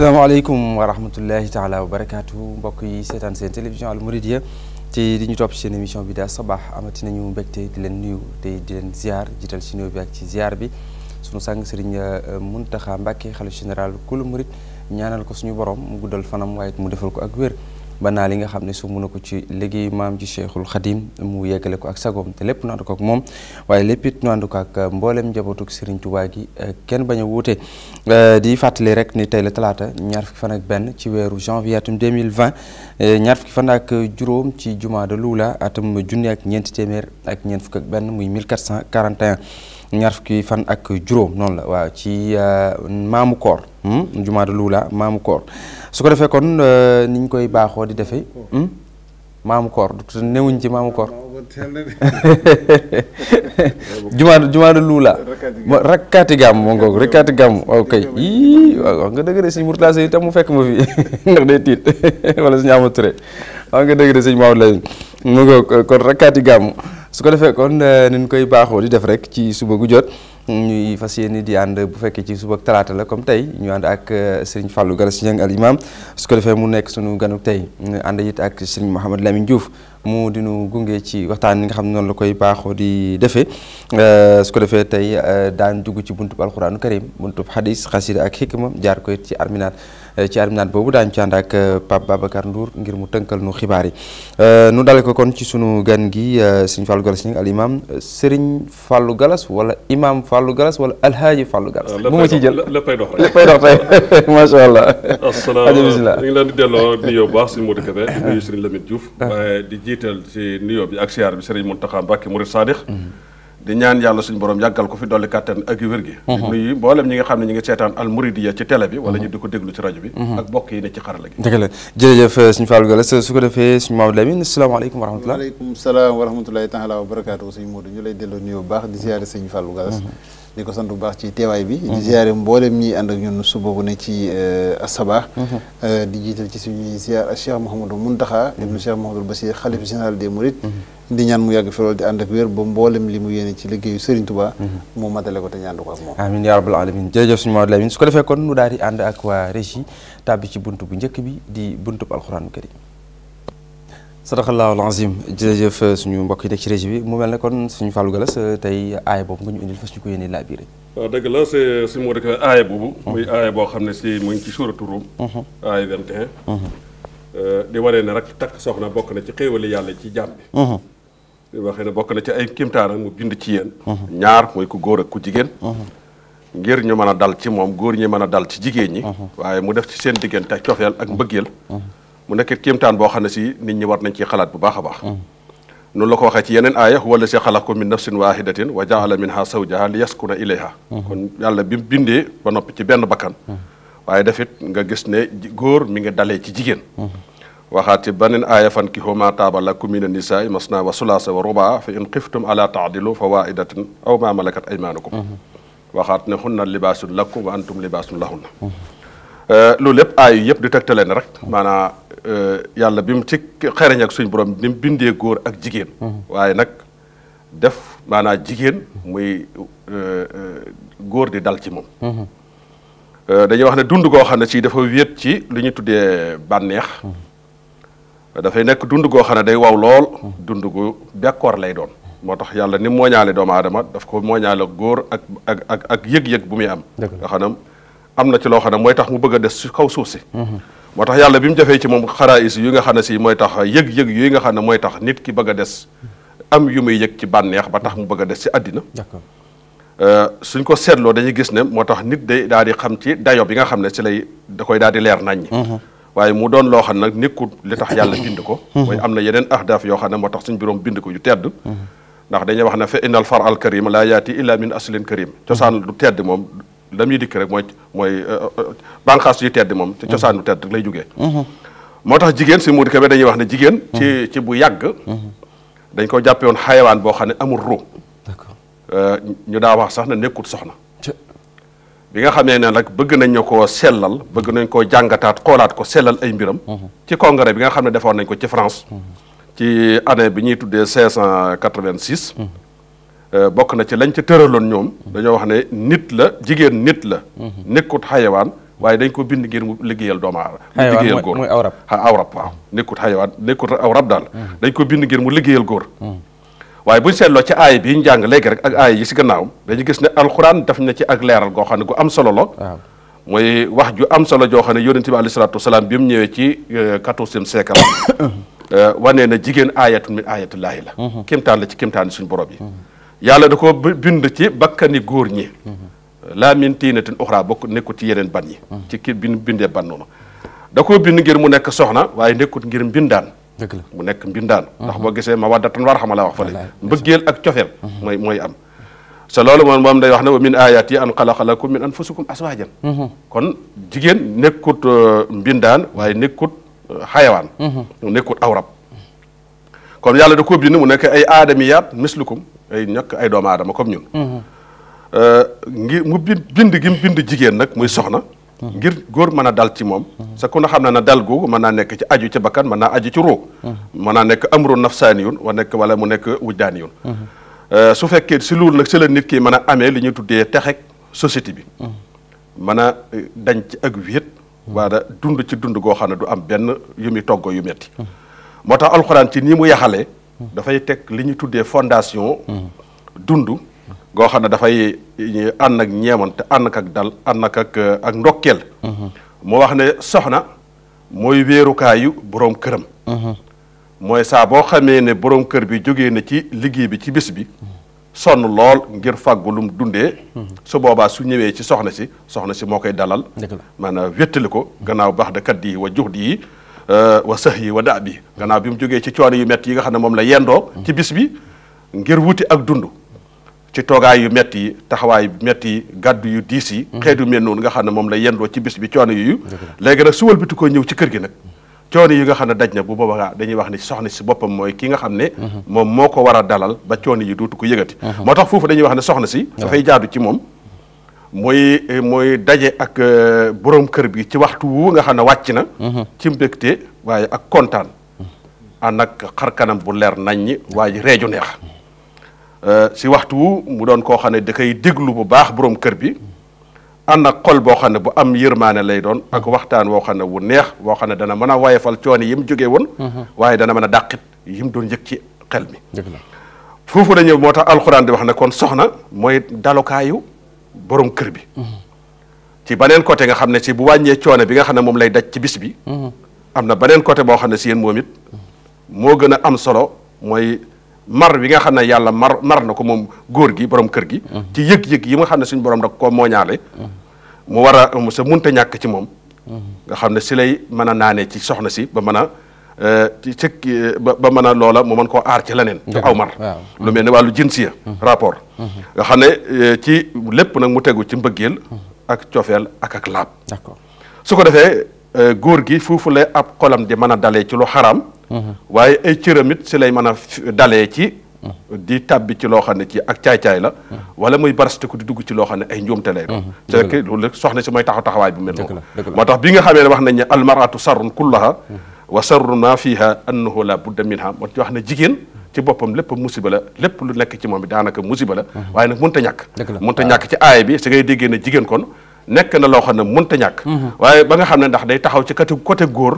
asalaamaaleykum wa rahmatullahi taala wa barakaatu mbokk yi seetaan seen télévision Al Mouridiyyah te di ñu topp seen émission bi daal sabaax amati nañu mbégte di leen nuyu tey di leen ziar jiital si nuyu bi ak ci ziar bi sunu sàng mun euh, Muntaxa Mbàkke xalifa général kulu murit ñaanal ko suñu borom mu guddal fanam waaye mu defal ko ak wér ba naa li nga xam ne su mun na ko ci liggéey maam ci Cheikhul Khadim mu yeggale ko ak sagoom te lépp nu ànd ko ak moom waaye lépp it nu ko ak uh, mboolem njabootuk Serigne Touba gi uh, kenn bañ a wuute uh, di fàttali rek ni tey la talaata ñaar fukki fan ak benn ci weeru janvier mille 2020 ñaar fukki fan ak juróom ci jumaa de Lula atam junni ak ñeent téeméer ak ñeent fukk ak benn muy 1441 ñaar kii fan ak juróom noonu la waaw ci euh, maamu koor hmm? jumaa de luula maamu koor su ko defee kon euh, ni ñu koy baaxoo di defee hmm? maamu koor newuñ ci maamu koor jumaa jumaa de luula rakkaati gàmm moo ngoog rakkaati nga dëgg de sëñ Mourtala Sey itam mu fekk ma fi ndax day tiit wala suñu amaturé waaw nga dëgg de sëñ Maodo Laye mu ngoog kon rakkaati gàmm su ko defee kon euh, niñ koy baaxoo di def rek ci suba gu jot ñuy fas yéene di ànd bu fekkee ci suba talaata la comme tey ñu ànd ak euh, sëriñ Fallou Galass Dieng al imam su ko defee mu nekk suñu ganuk tey ànd it ak sëriñ Mouhamed Lamine Diouf mu dinu gunge ci waxtaan yi nga xam ne noonu la koy baaxoo di defee euh, su ko defee tey daan dugg ci buntu buntub alquranu karim buntub hadis xasida ak xikma jaar ko ci arminaat Eh, ci arminaat boobu daañu ci ak eh, Pape Babacar Ndour ngir mu tënkal nu xibaar yi eh, nu dale ko kon ci sunu gan gi sëñ Fallou Galas ñu al imam Serigne Galas wala imam Fallou Galas wala alhaaji Fallou Galas bu euh, ma ciy jël léppay dox léppay dox tey macha allah asalaamaaleykum ñu ngi ah. di jiital si nuyoo bi ak siyaar bi Serigne Mountakha Mbacké Mouride Sadikh mm-hmm. di ñaan yàlla suñu borom yàggal ko fi dolli kàttan ak wér gi di mhm. ñi nga xam ne ñi ngi seetaan Al Mouridiyyah ci télé bi wala mhm. ñu di ko déglu ci rajo bi mhm. ak bokk yi ne ci xarala gi euh, suñu Fallou su ko defee suñu Mamadou Lamine asalaamaaleykum wa rahmatulah waaleykum ñu lay delloo nuyoo bu baax di ziare suñu Fallou Galass di ko sant bu baax ci teewaay bi di ziare mboolem ñi ànd ak ñun suba bu ne ci euh, asabaax euh, di jiital ci suñuy ziar Cheikh Mouhamadou Mountakha ibnu Cheikh Mouhamadou Bassir xalif général des Mourides di ñaan mu yàgg fi loolu di ànd ak wér mm-hmm. bu njëkk bi di buntu bu alxuraanu karim sadaqallaahu alazim jërëjëf euh, suñu mbokk yi nekk ci bi mu mel ne kon suñu Fallou Gallas euh, tey aaya boobu nga ñu euh, la c'est suñu moo dëkk aaya boobu mm-hmm. muy aaya boo xam ne si mu ngi ci suuratu Ruum mm-hmm. aaya 21 di waree ne rek takk soxna bokk na ci xéewali yàlla ci jàmm bi waxee ne bokk na ci ay kimtaanam mu bind ci yéen uh-huh. ñaar mooy ku góor ak ku jigéen uh-huh. ngir ñu mën a dal ci moom góor ñi mën a dal ci jigéen ñi uh-huh. waaye mu def ci seen diggante ak cofeel ak mbëggeel mu nekk kimtaan boo xam ne si nit ñi war nañ ci xalaat bu baax a baax noonu la ko waxee ci yeneen aaya huwa allazi xalaqakum min nafsin waahidatin wa jaala minha zawjaha li yaskuna ilayha kon yàlla bi mu bindee ba noppi ci benn bakkan waaye dafit nga gis ne góor mi ngi dalee ci jigéen waxaati beneen aaya fan ki huma taaba lakum mina nisaa masna wa sulaasa wa rubaa fa in xiftum ala taadilu fa waaidatin aw ma malakat aymaanukum waxaat ne hunna libaasun lakum wa antum libaasun lahunna eh, loolu lépp aay yëpp di tegtale ne rek maanaam eh, yàlla bi mu ci xereñ suñ borom ni mu bindee góor ak jigéen waaye nag def maanaam jigéen muy eh, góor di dal ci moom dañuy wax ne dund goo xam ne ci dafa wéet ci lu ñu tuddee bànneex dafay nekk dund goo xam ne day waw lool dund gu bekkoor lay doon moo tax yàlla ni mooñaale doomu aadama daf ko mooñaale góor ak ak ak ak yëg-yëg bu muy am nga xam ne am na ci loo xam ne mooy tax mu bëgg a des ci kaw suuf si mm-hmm. moo tax yàlla bi mu jafee ci moom xaraais yi nga xam ne si mooy tax yëg-yëg yooyu nga xam ne mooy tax nit ki bëgg des am yu muy yëg ci bànneex ba tax mu bëgg a des ci àddina euh, suñ ko seetloo dañuy gis ne moo tax nit day daal di xam ci dayo bi nga xam ne ci lay da koy daal di leer naññ mm-hmm. waaye mu doon loo xam nag nekkul li tax yàlla bind ko mooy hmm. am na yeneen ahdaaf yoo xam ne moo tax suñ borom bind ko yu tedd ndax dañuy wax ne fa innal far al karim laa yaati illa min aslin karim cosaan lu tedd moom la muy dikk rek mooy mooy euh, euh, bànqaas yu tedd moom ci cosaan lu tedd lay jógee hmm. Hmm. moo tax jigéen si muudi ka dañuy wax na jigéen ci ci bu yàgg dañ ko jàppe woon xayawaan boo xam ne amul ru euh, ñu daa wax sax ne nekkul soxna bi nga xamee ne nag bëgg nañu ñu koo sellal bëgg nañ koo jàngataat xoolaat ko sellal ay mbiram. Mhm. ci congrès bi nga xam ne defoon nañ ko ci France. Mhm. ci année bi ñuy tuddee 1686. Mhm. Euh, bokk na ci lañ ci tëraloon ñoom. dañoo wax ne nit la jigéen nit la. nekkut xayawaan waaye dañ ko bind ngir mu liggéeyal doomaa aadama. liggéeyal góor xayawaan mooy awrab. waaw nekkut xayawaan nekkut awrab daal. dañ ko bind ngir mu liggéeyal góor. waaye buñ seetloo ci aay bi ñu jàng léegi rek ak aay yi si gannaawam dañu gis ne alxuraan daf na ci ak leeral goo xam ne gu am solo la mooy wax ju am solo joo xam ne yonente bi alayhi salaatu wasalaam bi mu ñëwee ci euh, quatorzième siècle euh, wane na jigéen aayatun min aayatullaahi la mhm. kémtaan la ci kémtaan suñu borom yi yàlla da ko bind ci bakkani góor ñi mhm. laa min tiinatin uxraa bokk nekkut ci yeneen ban yi mhm. ci ki bi bindee ban noonu da koo bind ngir mu nekk soxna waaye nekkut ngir mbindaan la mu nekk mbindaan ndax boo gisee ma waddatan war a la wax fële mbëggeel ak cofeel mhm. mooy mooy am sa loolu moom moom day wax ne wa min ayati an xalaqa lakum min anfusikum aswajan mhm. kon jigéen nekkut euh, mbindaan waaye nekkut euh, xayawaan mhm. nekkut awrab kon yàlla de ko bind mu nekk ay aadamiyaat mislukum ay ñakk ay doomu aadama kom ñun euh, ngi mu bind gi bind jigéen nag muy soxna Mhm. ngir góor mën a dal ci moom mhm. sa ku na xam ne na dal googu mën naa nekk ci aju ci bakkan mën naa aju ci ruu mhm. mën naa nekk amru nafsaaniyun wa nekk wala mu nekk wujdaaniyun euh, su fekkee si loolu nag si la nit ki mën a amee li ñuy tuddee texek société bi mën a euh, dañ ci ak wéet waada dund ci dund goo xam ne du am benn yu muy togg yu metti moo tax alxuraan ci nii mu yaxalee dafay teg li ñuy tuddee fondation dund goo xam ne dafay ànd ak ñeeman te ànd ak dal ànd ak ak euh, ndokkeel mm-hmm. mu wax ne soxna mooy wéerukaayu borom këram mm-hmm. mooy saa boo xamee ne borom kër bi jógee na ci liggéey bi ci bis bi son lool ngir fàggu lum dundee mm-hmm. su boobaa su ñëwee ci soxna si soxna si moo koy dalal maanaam wéttali ko gannaaw baax de kat yi wa jux di yi euh, wa sëx yi wa da bi gannaaw bi mu jógee ci coono yu metti yi nga xam ne moom la yendoo ci bis bi ngir wuti ak dund ci toogaay yu métti yi taxawaay yu métti yi gàddu yu diis yi mhm. xeetu mel noonu nga xam ne moom la yendoo ci bis bi coono yooyu léegi nag suwal bitu ko ñëw ci kër gi nag coono yi nga xam ne daj na bu boobaa dañuy wax ni soxna si boppam mooy ki nga xam ne mhm. moom moo ko war a dalal ba coono yi dootu ko yëgati mhm. moo tax foofu dañuy wax ne soxna si dafay jaadu ci moom mooy mooy daje ak euh, borom kër bi ci waxtu wu nga xam ne wàcc na ci mbégte waaye ak kontaan ànd ak xar kanam bu leer nañ ñi waaye reeju neex Euh, si waxtu wu mu doon koo xam ne da koy déglu bu baax borom kër bi ànd ak xol boo xam ne boo am yërmaane lay doon ak waxtaan woo xam ne wu neex woo xam ne dana mën a wayefal cooni yi mu jógee woon mhm. waaye dana mën a dàqit yi mu doon ci xel mi foofu la ñëw moo tax alxuraan di wax ne kon soxna mooy dalukaayu borom kër bi mhm. ci beneen côté nga xam ne si bu wàññee coone bi nga xam ne moom lay daj ci bis bi mhm. am na beneen côté boo xam ne si yéen moom it moo gën a am solo mooy mar bi nga xam ne yàlla mar mar na ko moom góor gi boroom kër gi ci yëg-yëg yi nga xam ne suñu borom da ko mooñaale mu war a sa munta ñàkk ci moom nga xam ne si lay mën a naanee ci soxna si ba mën a euh, ci cëkk ba mën a loola mu mën koo aar ci leneen ci aw mar lu mel ne wàllu jinsiya rapport nga xam ne euh, ci lépp nag mu tegu ci mbëggeel ak cofeel ak ak laab su ko defee euh, góor gi foofu la ab kolam di mën a dalee ci lu xaraam waaye ay cëram it si lay mën a dalee ci di tàbbi ci loo xam ne ci ak caay-caay la wala muy barasteku di dugg ci loo xam ne ay njuumte lay doon uhuh. c' est que loolu rek soxna si mooy taxaw taxawaay bu mel noonu moo tax bi nga xamee ne wax nañ ne almaratu sarrun kullaha uhuh. wa sarru ma fiha annahu la wax ne jigéen ci boppam lépp musiba la lépp lu nekk ci moom bi daanaka musiba la uhuh. waaye nag mënta ñàkk mënta ñàkk ci aay bi si ngay déggee ne jigéen kon nekk na loo xam ne mënta ñàkk waaye ba nga xam ne ndax day taxaw ci côté côté góor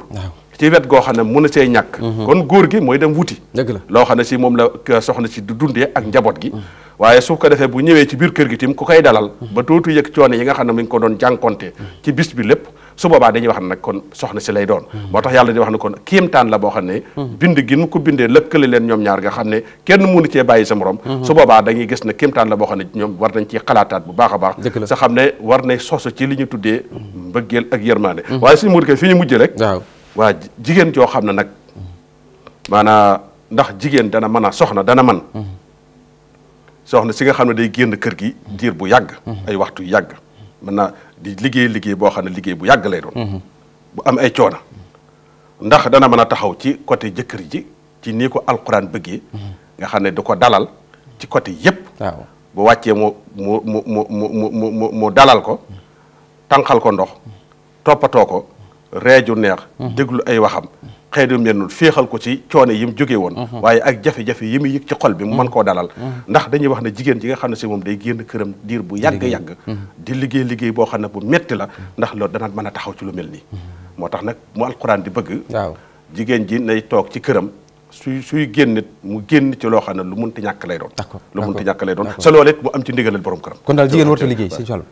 ci wet goo xam ne mën na see ñàkk mhm. kon góor gi mooy dem wuti dëgg la loo xam ne si moom la euh, soxna si du dundee ak njaboot gi mhm. waaye su ko defee bu ñëwee ci biir kër gi tim ku koy dalal mhm. ba dootu yëg coono yi nga xam ne mi ngi doon jànkonte ci bis bi lépp boobaa dañuy wax ne nag kon soxna si lay doon moo tax yàlla di wax ne kon kéemtaan la boo xam ne bind gi nu ko bindee lëkkale leen ñoom ñaar nga xam ne kenn mënu cee bàyyi sa morom su boobaa dañuy gis ne kéemtaan la boo xam ne ñoom war nañ ci xalaataat bu baax a baax sa xam ne war na soso ci li ñu tuddee mbëggeel ak yërmaande waaye su mur ko fi ñu mujj rek waa jigéen joo xam ne nag maanaa ndax jigéen dana mën a soxna dana man mm-hmm. soxna si nga xam ne day génn kër gi diir bu yàgg mm-hmm. ay waxtu yàgg mën na di liggéey liggéey boo xam ne liggéey bu yàgg lay doon mm-hmm. bu am ay coono ndax dana mën a taxaw ci côté jëkkër ji ci nii ko alxuraan bëggee nga xam ne du ko dalal ci côté yëpp waaw bu wàccee mu mu mu mu mu mu dalal ko tànqal ko ndox toppatoo ko reeju neex déglu ay waxam xëy na mel noonu féexal ko ci coono yi mu jóge woon mhm. waaye ak jafe-jafe yi mu yëg ci xol bi mu mën koo dalal mhm. Mhm. ndax dañuy wax ne jigéen ji nga xam ne si moom day génn këram diir bu yàgg-yàgg di liggéey liggéey boo xam ne bu metti la ndax loolu dana mën a taxaw ci lu mel nii moo tax nag mu alxuraan di bëgg waaw jigéen ji nay toog ci këram suy suy génn mu génn ci loo xam ne lu munti ñàkk ñàkk lay doon sa loolu mu am ci ndigalal borom këram kon daal jigéen warta liggéey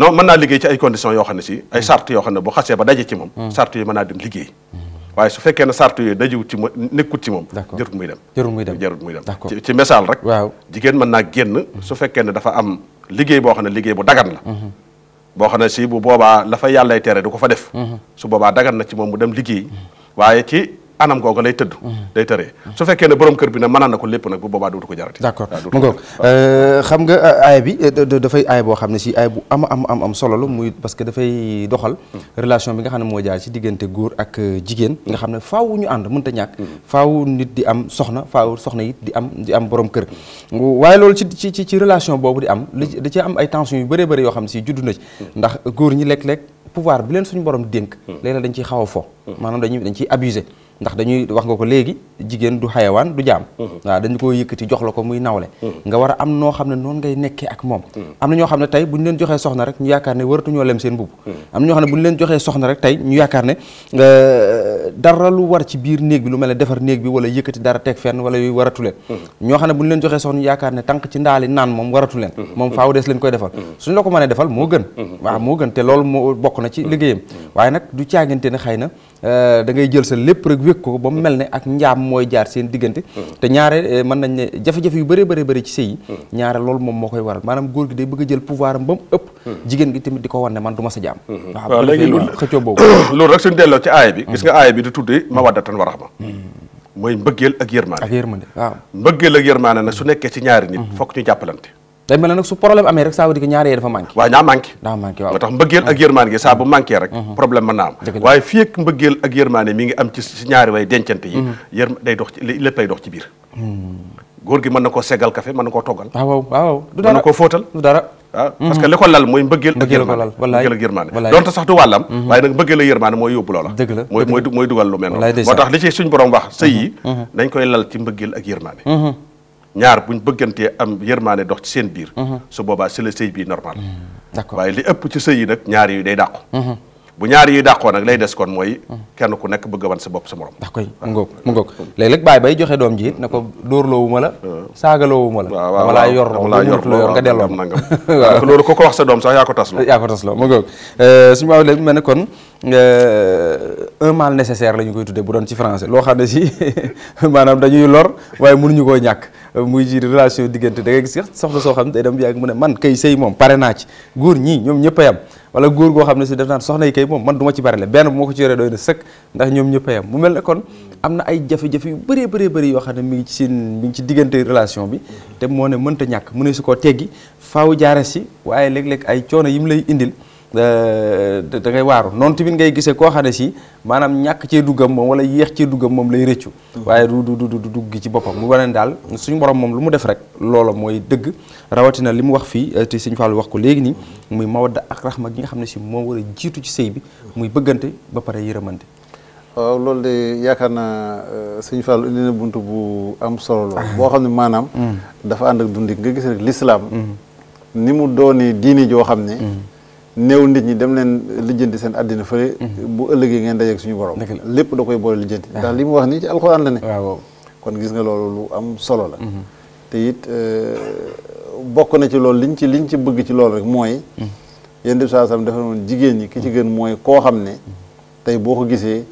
non mën naa liggéey ci ay conditions yoo xam ne si ay sart yoo xam bu xasee ba daje ci moom sart hmm. yi mën naa dem liggéey waaye su fekkee ne sart yooyu dajiwut ci moom jarut muy dem jarut muy dem ci misaal rek jigéen mën naa génn su fekkee ne dafa am liggéey boo xam liggéey bu dagan la hmm. boo xam ne si bu boobaa la fa yàllay tere du ko fa def hmm. su boobaa dagan na ci moom mu dem liggéey waaye ci anam googu lay tëdd day tëree su fekkee ne borom kër bi ne mënaan na ko lépp nag bu boobaa dootu ko jarati d'accord mu ngoog euh, xam nga euh, aaya bi euh, dafay ay boo xam ne si ay bu am am am am solo la muy parce que dafay doxal relation bi nga xam ne moo jaar ci diggante góor ak jigéen nga xam ne faaw ñu ànd mënta ñàkk faaw nit di am soxna faaw soxna it di am di am borom kër waaye loolu ci ci ci relation boobu di am li ci am ay tension yu bëree bëri yoo xam ne si judd na ci góor ñi lekk-lekk pouvoir bi leen suñu borom dénk hmm. léeg dañ ciy xaw a fo maanaam dañuy dañ ciy abusé ndax dañuy wax nga ko léegi jigéen du xayawaan du jaam mhm. waaw dañu ko yëkkati jox la ko muy nawle mhm. nga war a am noo xam ne noonu ngay nekkee ak moom mhm. am na ñoo xam ne tey bu ñu leen joxee soxna rek ñu yaakaar ne waratuñoo lem seen mbubb ñoo xam ne bu ñu leen joxee soxna rek tey ñu yaakaar ne euh, dara lu war ci biir néeg bi lu mel ne defar néeg bi wala yëkkati dara teg fenn wala yooyu waratu leen ñoo xam ne bu ñu leen joxee soxna yaakaar ne tànk ci ndaali naan moom waratu leen moom faaw dees leen koy defal suñu la ko mënee defal moo gën waaw moo gën te moo bokk na ci liggéeyam waaye nag du caagante ne xëy na euh, da jël sa lépp rek wékk ko ba mu mel ne ak njaam mooy jaar seen diggante te ñaare eh, man nañ ne jafe-jafe yu bëree bëri bëri ci sëy yi ñaare lool moom moo koy waral maanaam góor gi day bëgg a jël pouvoir am ba mu ëpp jigéen gi tamit di ko wan man du ma sa jaam hmm. waaw léegi loolu xëccoo boobu loolu rek suñu delloo ci aaya bi hmm. gis nga aaya bi di tudde mawaddatan wa rahma hmm. mooy mbëggeel ak yërmaane ak yërmaane waaw mbëggeel ak yërmaane nag su nekkee ci ñaari nit fokk ñu jàppalante day mel ne nag su problème amee rek ça veut dire que ñaar yee dafa manqué waaw ñaa manqué daa tax mbëggeel ak yërmaande gi saa rek mhm. problème mën naa am waaye fii ak ak yërmaande mi ngi mhm. hmm. na koo seggal café man na koo toggal ah, waaw waaw du na koo fóotal du dara waaw ah, mhm. parce que li ko lal mooy mbëggeel ak yërmaande mbëggeel ak yërmaande donte sax du wàllam waaye nag mbëggeel ak yërmaande mooy yóbbu loola mooy dugal lu mel noonu moo tax li ci suñ wax sëy yi koy lal ci mbëggeel ak yërmaande ñaar ñu bëggantee am yërmaane dox ci seen biir mhm. su boobaa c'est la sëy bi normal mhm. d'accord waaye li ëpp ci sëy yi nag ñaar yu day dàqu mhm. bu ñaari yi dàqoo nag lay des kon mooy kenn ku nekk bëgg a wan sa bopp sa morom ndax koy mu bay joxe doom ji na ko dóorloowu ma la saagaloowu ma la dama laa yor dama laa yor yor nga delloo nangam waaw loolu ko ko wax doom sax yaa ko tasloo yaa ko tasloo mu ngoog euh, suñu waaw léegi mel kon euh, un mal nécessaire la ñu koy tudde bu doon ci français loo xam ne si maanaam dañuy lor waaye ñu koo ñàkk muy ji relation diggante da ngay gis soxla soo xam ne day dem yàgg mu ne man kay sëy moom pare naa ci góor ñii ñoom ñëpp a wala góor goo xam ne si def naan soxna yi kay moom man du ma ci barale benn bu ma ko ci yoree doy na sëkk ndax ñoom ñëpp a yam mu mel ne kon am na ay jafe-jafe yu bëree bëree bëri yoo xam ne mi ngi ci seen mi ngi ci diggante relation bi te moo ne mënta ñàkk mu ne si koo teggi faaw jaare si waaye léeg-léeg ay coono yi mu lay indil da euh, ngay waaru noonu tamit ngay gisee koo xam ne si maanaam ñàkk cee duggam moom wala yéex cee duggam moom lay rëccu mm-hmm. waaye du du du dugg ci boppam mu wane daal suñu borom moom lu mu def rek loolo mooy dëgg rawatina li mu wax fii euh, te Sëñ Fallu wax ko léegi nii mm-hmm. muy mawadda ak raxma gi nga xam ne si moo war a jiitu ci sëy bi muy bëggante ba pare yërëmante waaw loolu de yaakaar naa euh, sëñ Fall indi na bunt bu am solo ah. boo xam ne maanaam mm. dafa ànd ak dundi nga gis lislaam mm. ni mu dooni diini joo xam ne mm. néew nit ñi dem leen lijjanti seen àddina fële mhm. bu ëllëg ëllëgee ngeen dajeeg suñu borom lépp da koy boole lijjanti ah. ndax li mu wax nii ci alxuraan la ne kon gis nga loolu lu am solo la mhm. te it euh, bokk na ci loolu liñ ci liñ ci bëgg ci loolu rek mooy yéen def saa sam dafa noonu jigéen ñi ki ci gën mooy koo xam ne mhm. tey boo ko gisee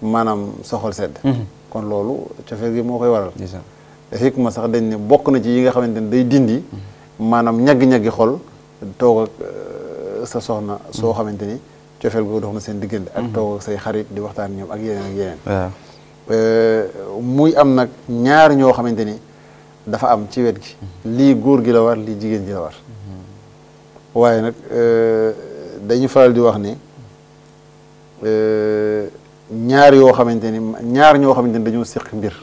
maanaam soxol sedd kon loolu cofeel gi moo koy waral xikma sax dañ ne bokk na ci yi nga xamante ne day dindi maanaam ñagg-ñaggi xol sa soxna soo mm. xamante ni cofeel goo dox na seen diggante ak mm-hmm. toog say xarit di waxtaan ñoom ak yeneen ak yeneen euh, muy am nag ñaar ñoo xamante ni dafa am ci wet gi mm-hmm. lii góor gi la war lii jigéen ji la war mm-hmm. waaye nag euh, faral di wax ni euh, ñaar yoo xamante ni ñaar ñoo xamante ni dañoo siq mbir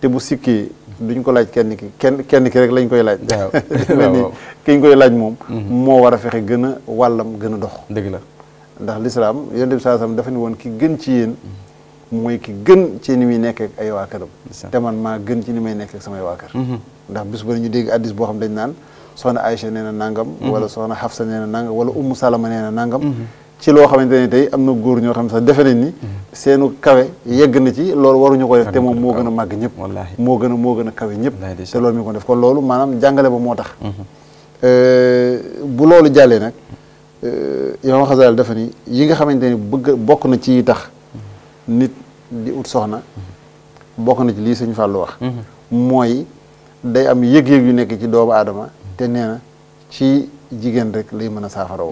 te bu sikkee duñ ko laaj kenn ki kenn kenn ki rek lañ koy laaj. mel ni kiñ koy laaj moom. Mhm. moo war a fexe gën a wàllam gën a dox. dëgg la ndax lislaam yonent bi saasam dafa ne woon ki gën ci yéen. mooy ki gën ci ni muy nekk ak ay waa këram. te man maa gën ci ni may nekk ak samay waa kër. Mhm. ndax bis ba ñu dégg addis boo xam dañ naan soxna Aïcha nee na nangam. Mhm. wala soxna Hafsa nee na nangam wala Ummu Salama nee na nangam. ci loo xamante ne tey am na góor ñoo xam sax defe nañ ni seenu kawe yegg na ci loolu waruñu ko def te moom moo gën a màgg ñëpp moo gën a moo gën a kawe ñëpp te loolu mi ko def kon loolu maanaam jàngale ba moo tax mhm. euh, bu loolu jàllee nag euh, Imaam Xasal dafa ni yi nga xamante ni bëgg bokk na ci yi tax nit di ut soxna mhm. bokk na ci lii Sëñ Fàllu wax mhm. mooy day am yëg-yëg yu nekk ci doomu aadama te nee na ci jigéen rek lay mën a saafara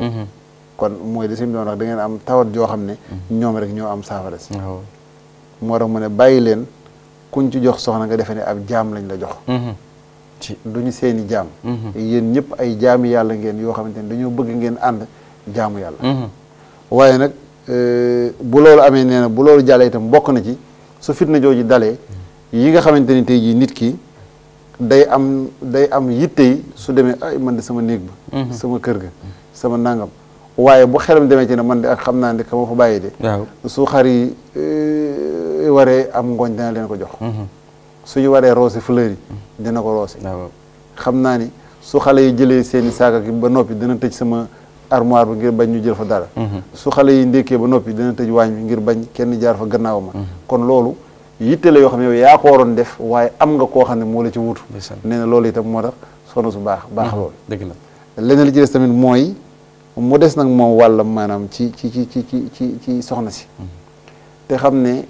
kon mooy li si doon wax da ngeen am tawat joo xam ne mm-hmm. ñoom rek ñoo am saafara si moo tax mu ne bàyyi leen kuñ ci jox soxna nga defee ne ab jaam lañ la jox mm-hmm. duñu seeni jaam mm-hmm. yéen ñëpp ay jaami yàlla ngeen yoo xamante ne dañoo bëgg ngeen ànd jaamu yàlla waaye nag euh, bu loolu amee nee na bu loolu jàllee itam bokk na ci su fitna jooju dalee yi nga xamante ni tey jii nit ki day am day am yitte yi su demee ay man de sama néeg ba sama kër ga sama nangam waaye bu xelam demee ci ne man de ak xam naa ne ka ma fa bàyyi de su xar yi eh, waree am ngooñ dina leen ko jox mm-hmm. su ñu waree roose fleur yi mm-hmm. dina ko roose xam naa ni su xale yi jëlee seeni saaka gi ba noppi dina tëj sama armoire bi ngir bañ ñu jël fa dara mm-hmm. su xale yi ndékkee ba noppi dina tëj waañ bi ngir bañ kenn jaar fa gannaaw ma kon loolu yitte la yoo xam ne yow yaa ko waroon def waaye am nga koo xam ne moo la ci wutu nee na loolu itam moo tax sono su baax baax loolu dëgg la leneen li ci des tamit mooy mu des nag moom wàllam maanaam ci ci ci ci ci ci ci soxna si mm-hmm. te xam ne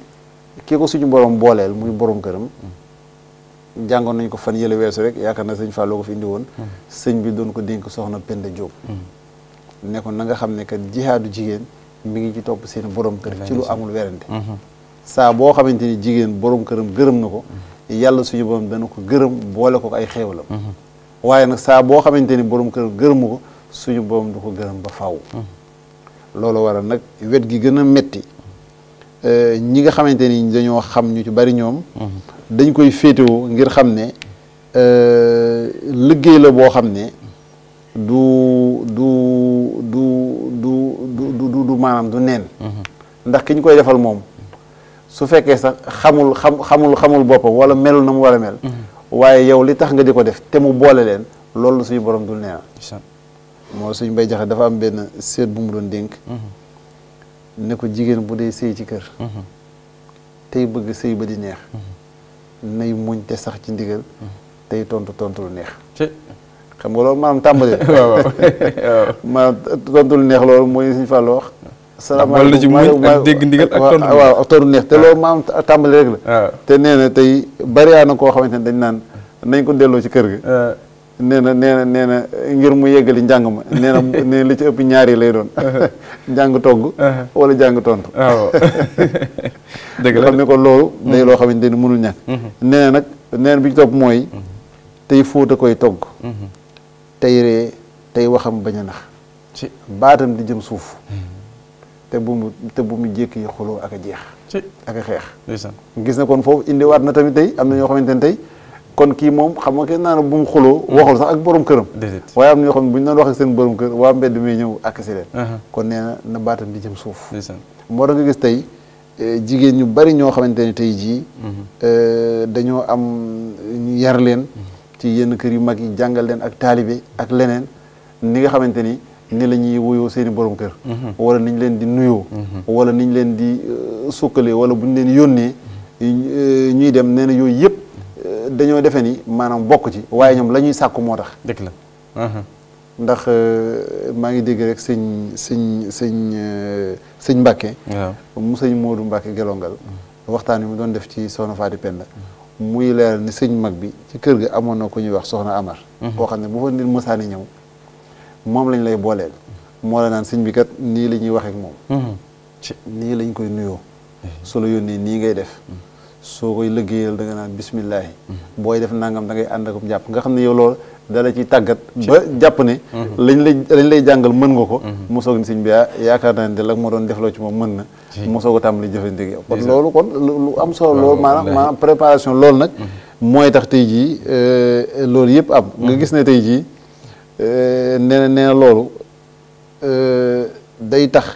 ke ko suñu borom booleel muy borom këram mm-hmm. jàngoon nañ ko fan yële weesu rek yaakaar na sëñ Fallou ko fi indi woon mm-hmm. sëñ bi doon ko dénk soxna Penda Diop ne ko na nga xam ne kat jihaadu jigéen mi ngi ci topp seen boroom kër ci lu amul werante saa boo xamante ni jigéen boroom këram gërëm na ko yàlla suñu borom dana ko gërëm boole ko ay xeewalam waaye nag saa boo xamante ni borom këram gërëmu ko suñu boom du ko gërëm ba faw loolu waral nag wet gi gën a metti euh, ñi nga xamante ni dañoo xam ñu ci bari ñoom dañ koy féetewoo ngir xam ne euh, liggéey la boo xam ne du du du du du du maanaam du neen ndax ki ñu koy defal moom su fekkee sax xamul xam xamul xamul boppam wala melul na mu war a mel uhuh. waaye yow li tax nga di ko def te mu boole leen loolu suñu borom dul neenal moo suñ bay jaxe dafa am benn seet bu mu doon dénk mhm. ne jigéen bu dee sëy ci kër mhm. tey bëgg sëy ba di neex mhm. nay muñ te sax ci ndigal tey tontu tontu lu neex xam nga loolu maanaam tàmbali maanaam tontu lu neex loolu mooy suñ fàllu wax salaamaaleykum ah, wala ci muñ ak dégg ndigal tontu neex te ah. loolu maanaam tàmbali rek la ah. te nee na tey bari na koo xamante ne dañ naan nañ ko delloo ci kër gi nee na nee na nee na ngir mu yeggali njàng ma nee li ci ëpp ñaari lay doon uh-huh. njàng togg uh-huh. walla njàng tontu oh. ne ko loolu uh-huh. day loo xamante ni mënul ñàkk nee na nag nee na bi ci topp mooy tey fóota koy togg tey ree tey waxam bañ a nax baatam di jëm suuf te bu mu te bu mu jékki xuloo ak a jeex ak a xeex gis na kon foofu indiwaat na tamit tey am na ñoo xamante ne tey kon kii moom xam nga kenn naan bu mu xuloo waxul sax ak boroom këram waaye am na ñoo xam ne bu ñu doon wax ak seen borom kër waa mbedd mi ñëw ak si leen uh-huh. kon nee na na baatam di jëm suuf moo tax gis tey eh, jigéen ñu bari ñoo xamante ne tey jii uh-huh. eh, dañoo am ñu yar leen uh-huh. ci yenn kër yu mag yi jàngal leen ak taalibe ak leneen ni nga xamante ni ni la ñuy wuyoo seen i borom kër wala niñ leen di nuyoo wala niñ leen di eh, sukkalee wala buñ leen yónnee ñuy dem nee yooyu yëpp dañoo defe ni maanaam bokk ci waaye ñoom la ñuy sàkku moo tax. dëgg la. ndax euh, maa ngi dégg rek sëñ sëñ sëñ euh, sëñ Mbacke. waaw mu sëñ Modou Mbacke gelongal waxtaan wi mu doon def ci soxna Faati Penda. muy leeral ni sëñ mag bi ci kër gi amoon na ko ñuy wax soxna Amar. boo xam ne bu fa nit mosaani ñëw moom lañ lay booleel. moo la naan sëñ bi kat nii la ñuy waxee moom. nii lañ koy nuyoo. su la yónnee nii ngay def. soo koy liggéeyal da nga naan bismillahi booy def nangam da ngay ànd akum jàpp nga xam ne yow loolu dala ci tàggat ba jàpp ne mhm. lañ lay lañ lay jàngal mën nga ko mhm. mu ni sëñ bi ah, yaakaar naa ne de la moo doon defloo ci moom mën na mu soog a tàmbali jëfandikoo yow kon loolu kon lu am solo loolu maanaam maanaam préparation loolu nag mhm. mooy tax tey jii euh, loolu yëpp am nga gis ne tey jii euh, ne na nee na loolu euh, day tax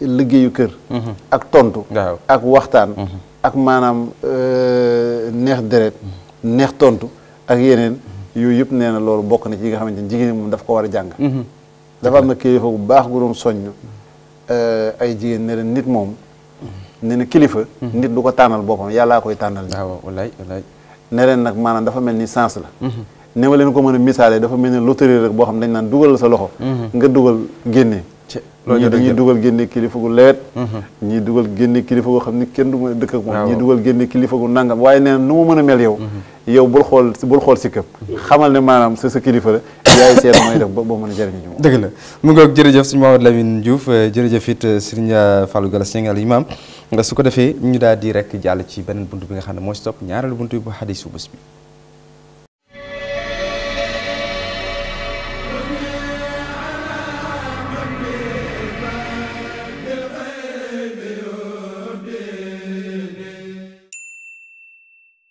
liggéeyu kër. Mm-hmm. ak tontu. ak waxtaan. Mm-hmm. ak maanaam euh, neex deret mm-hmm. neex tontu ak yeneen yooyu yëpp nee na loolu bokk na ci yi nga xamante ni jigéen moom daf ko war a jàng. dafa am na kilifa bu baax gu doon soññ ay jigéen ne nit moom. ne na kilifa. nit du ko tànnal boppam yàllaa koy tànnal. waaw wallaay wallaay. nag maanaam dafa mel ni sens la. ne ma ko mën a misaalee dafa mel ni loterie rek boo xam dañ naan dugalal sa loxo. nga dugal génnee. ñii dañuy dugal génne kilifa gu leet mhm. ñii dugal génne kilifa goo xam ni kenn du mën a dëkk ak moom ñii dugal génne kilifa gu nangam waaye nee na nu mu mën a mel yow mhm. yow bul xool bul xool si këpp xamal ne maanaam sa sa kilifa la yaay seet mooy def ba mën a jëriñu ci moom dëgg la mu ngoog jërëjëf suñu Mamadou Lamine Diouf euh, jërëjëf it euh, Serigne euh, Fallou Gallas Dieng al imam nga su ko defee ñu daal di rek jàll ci beneen bunt bi nga xam ne moo si topp bunt bi bu xadis bu bés